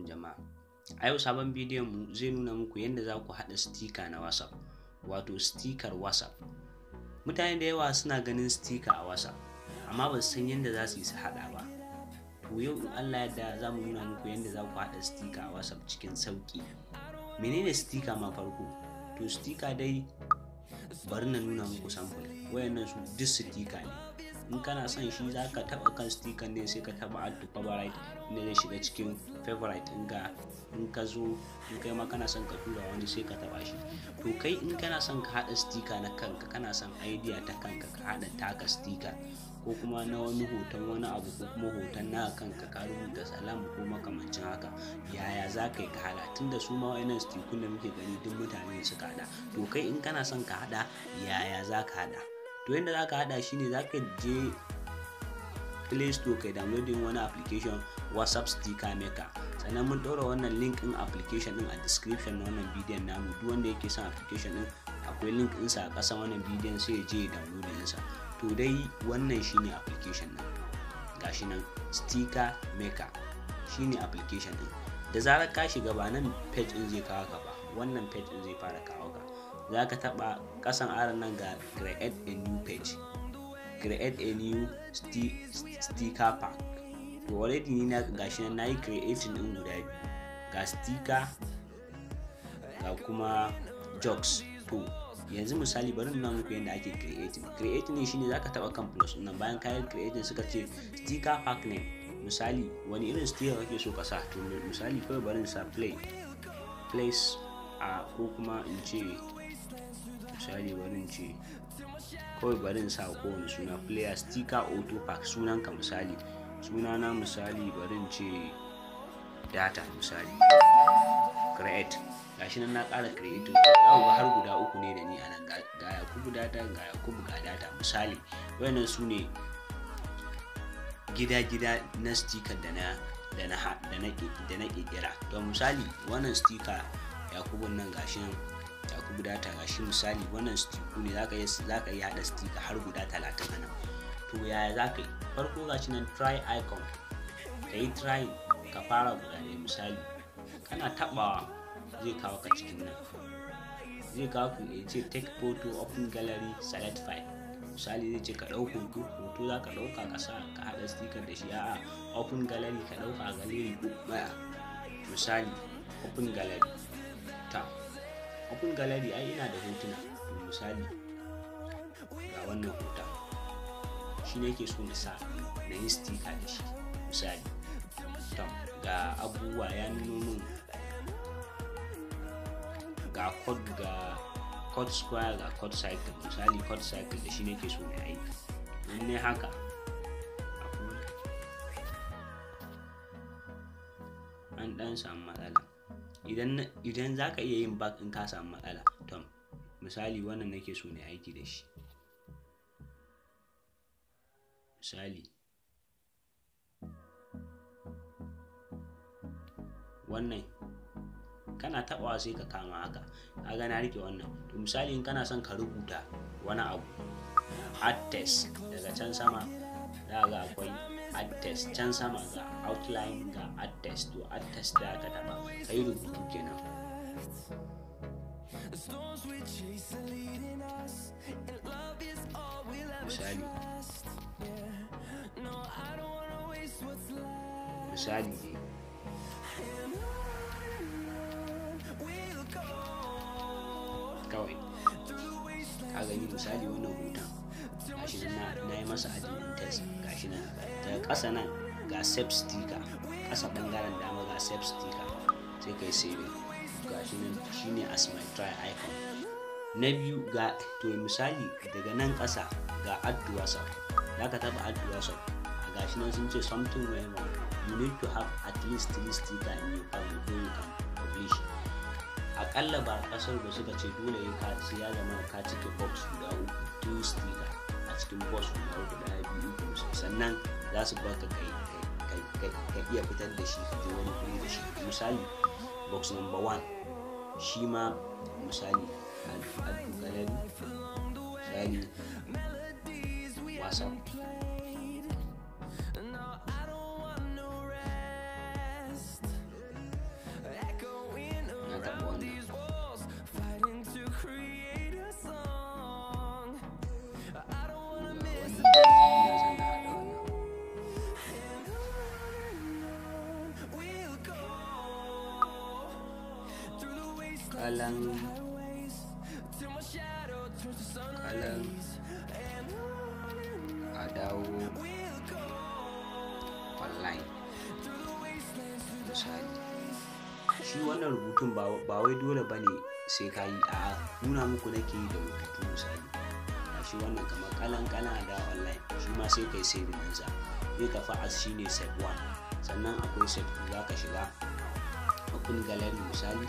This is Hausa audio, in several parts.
alaikum jama'a a yau sabon bidiyon mu zai nuna muku yadda za ku haɗa stika na whatsapp wato stikar whatsapp mutane da yawa suna ganin stika a whatsapp amma ba su san yadda za su yi su haɗa ba to yau in allah yadda za mu nuna muku yadda za ku haɗa stika a whatsapp cikin sauƙi menene stika ma farko to stika dai bari na nuna muku sample wayannan su duk stika ne in kana son shi za ka taɓa kan sticker ne sai ka taɓa add to favorite ne zai shiga cikin favorite in ka in ka zo in kai ma kana son ka tura wani sai ka taɓa shi to kai in kana son ka haɗa sticker na kanka kana son idea ta kanka ka haɗa taka sticker ko kuma na wani hoton wani abu ko kuma hoton na kanka ka rubuta salam ko makamancin haka yaya za ka yi ka hada tunda su ma wayannan stikun da muke gani duk mutane suka hada to kai in kana son ka hada yaya za ka hada to yadda za ka haɗa shi ne za ka je play store kai downloading wani application whatsapp sticker maker sannan mun ɗaura wannan link ɗin application ɗin a description na wannan bidiyon namu duk wanda yake son application ɗin akwai link ɗinsa a ƙasan wannan bidiyon sai ya je ya download ɗinsa to dai wannan shine application ɗin gashi nan sticker maker shine application ɗin da zarar ka shiga ba nan page ɗin zai kawo ka ba wannan page ɗin zai fara kawo ka za ka taɓa ƙasan aron nan ga create a new page create a new sticker pack to already ni na gashi nan yi creating din guda biyu ga sticker ga kuma jokes to yanzu misali bari nuna muku yadda ake creating creating ne shine zaka taba kan plus nan bayan kayan creating suka ce sticker pack name misali wani irin sticker kake so ka sa to misali kawai bari sa play place a ko kuma in ce misali barin ce kawai barin sa kowane suna player sticker auto pack sunan ka misali na misali barin ce data misali create gashi nan na ƙara create za ku ga har guda uku ne da ni a nan ga kubu data ga kubu ga data misali wayannan su ne gida-gida na sticker da na da na da na ƙirƙira to misali wannan sticker kubun nan gashi nan da aka guda ta shi misali wannan stiku ne zaka yi zaka yi hada stika har guda 30 anan to yaya zaka yi farko gashi nan try icon kai try ka fara guda ne misali kana tabawa zai kawo ka cikin nan zai kawo ka ya ce take photo open gallery select file misali zai ce ka ɗauka hoto hoto za ka ɗauka ka sa ka haɗa sticker da shi a open gallery ka ɗauka a gallery book baya misali open gallery ta open gallery ai ina da hotuna misali ga wannan hoton shi ne ke so na sa na yi sticker da shi misali to ga abubuwa ya nuno min ga code ga code square ga code cycle misali code cycle da shi ne ke so na yi in ne haka an dan samu matsala idan za ka iya yin bak in ka samu matsala tom misali wannan nake so ne aiki da shi misali wannan kana tabawa sai ka kama haka kaga na rike wannan to misali in kana son ka rubuta wani abu test daga can sama za ga akwai addes can sama ga outline ga addes to addes da ka taba ka yi rubutu kenan misali misali ne kawai ka gani misali wannan hoton gashi na yi masa adinin test gashi na daga ƙasa nan ga sep sticker ƙasa bangaren dama ga sep sticker sai kai save ga shi shi ne as my try icon na biyu ga to misali daga nan ƙasa ga add to za ka taɓa add to ga shi nan sun ce something way more you need to have at least three sticker in your phone before you can publish akalla ba kasar da suka ce dole ya ka ya zama ka cike box guda uku two sticker a cikin bus guda da daya biyu ko sannan za su baka kai ka iya fitar da shi kaje wani guri da shi misali box number one shi ma misali alfu galari misali wasa Alam Alam A online shi wannan rubutun ba wai dole ba ne sai ka yi a nuna muku nake yi da rubutu misali shi wannan kamar kalan kalan da online shi ma sai kai sai rumunsa zai tafi as shi ne set 1 sannan akwai set 2 za ka shiga open gallery misali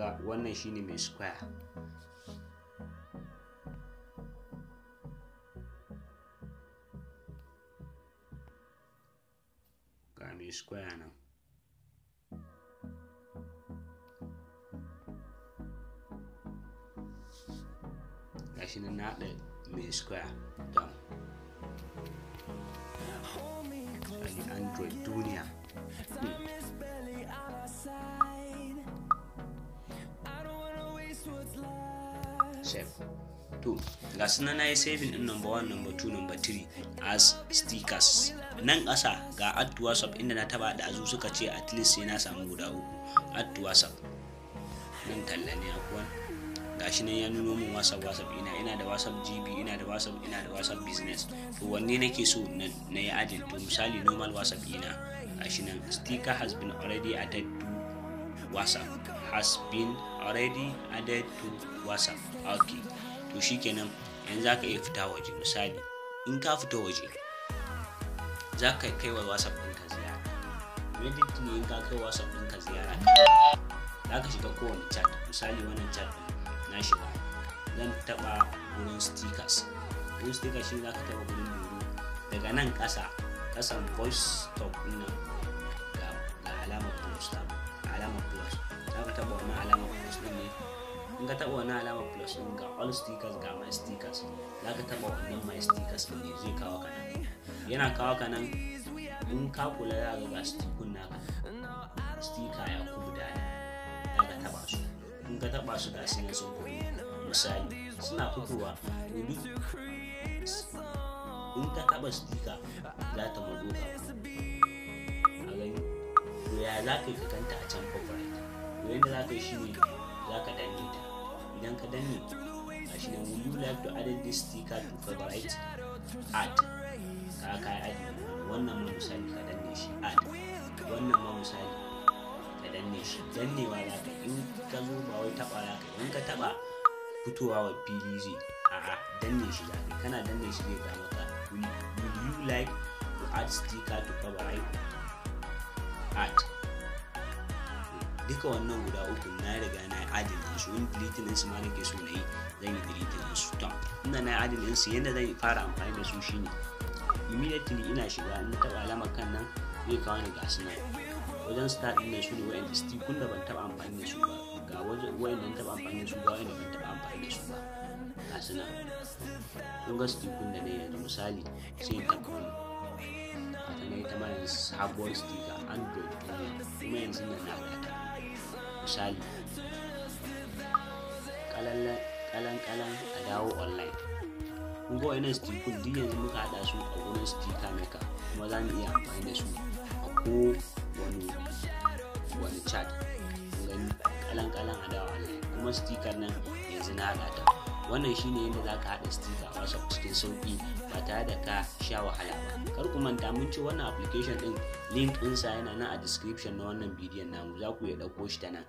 kaga wannan shine mai square ga mai square nan gashi nan na haɗa mai square down an android duniya hmm. save to ga sunan na yi saving din number 1 number 2 number 3 as stickers nan ƙasa ga add to whatsapp inda na taba da azu suka ce at least sai na samu guda uku add to whatsapp nan talla ne akwai shi nan ya nuno min whatsapp whatsapp ina ina da whatsapp gb ina da whatsapp ina da whatsapp business to wanne nake so na yi adin to misali normal whatsapp ina shi nan sticker has been already added to whatsapp has been already added to whatsapp okay to kenan yanzu za ka iya fita waje misali in ka fita waje za ka kai wa whatsapp din ka ziyara wani ne in ka kai whatsapp din ka ziyara za ka shiga kowane chat misali wannan chat na shiga zan taɓa wurin stickers wurin stickers shi za ka taɓa wurin domin daga nan ƙasa ƙasan voice talk nan ka taba wani alama plus din ga all stickers ga my stickers za ka taba wannan my stickers din ne zai kawo ka nan yana kawo ka nan in ka kula za ka ga stickun naka sticker ya ku guda za ka taba su in ka taba su ga sun sun fito misali suna fitowa dubi in ka taba sticker za ta mazo ka a gani ya za ka yi fitanta a can favorite yadda za ka yi shi ne za ka danne ta idan ka danne a shi ne would you like to add this sticker to favorite add ka ka add wannan ma misali ka danne shi add wannan ma misali ka danne shi dannewa za ka in ka zo ba wai taba za ka in ka taba fitowa wa fili zai a'a danne shi za ka kana danne shi zai ga maka would you like to add sticker to favorite add duka wannan guda uku na riga na adalin su in deleting ɗinsu ma nake so na yi zan yi deleting ɗinsu to ina na adalin ɗinsu yadda zan fara amfani da su shine immediately ina shiga in taɓa alama kan nan zai kawo ni ga su wajen start ɗin nan su ne wa'yan stikun da ban taɓa amfani da su ba ga wa'yan da taɓa amfani da su ba wa'yan da ban taɓa amfani da su ba ga kun ga stikun da na yanzu misali sai in taɓa wani ta ne ta ma sabuwar stika android kuma yanzu na na misali kalan-kalan a dawo online kun ga wayannan stikun duk yanzu muka hada su a gurin stika maker kuma za mu iya amfani da su a ko wani wani chat kun gani kalan-kalan a dawo online kuma stikar nan yanzu na hada ta wannan shine yadda za ka haɗa sticker a whatsapp cikin sauƙi ba tare da ka sha wahala ba kar ku manta mun ce wannan application ɗin link ɗinsa yana nan a description na wannan bidiyon namu za ku iya ɗauko shi ta nan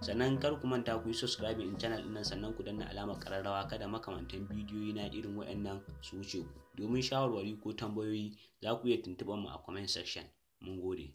sannan kar ku manta ku yi subscribe in channel ɗin sannan ku danna alamar ƙararrawa kada makamantan bidiyoyi na irin waɗannan su wuce ku domin shawarwari ko tambayoyi za ku iya tuntuɓar mu a comment section mun gode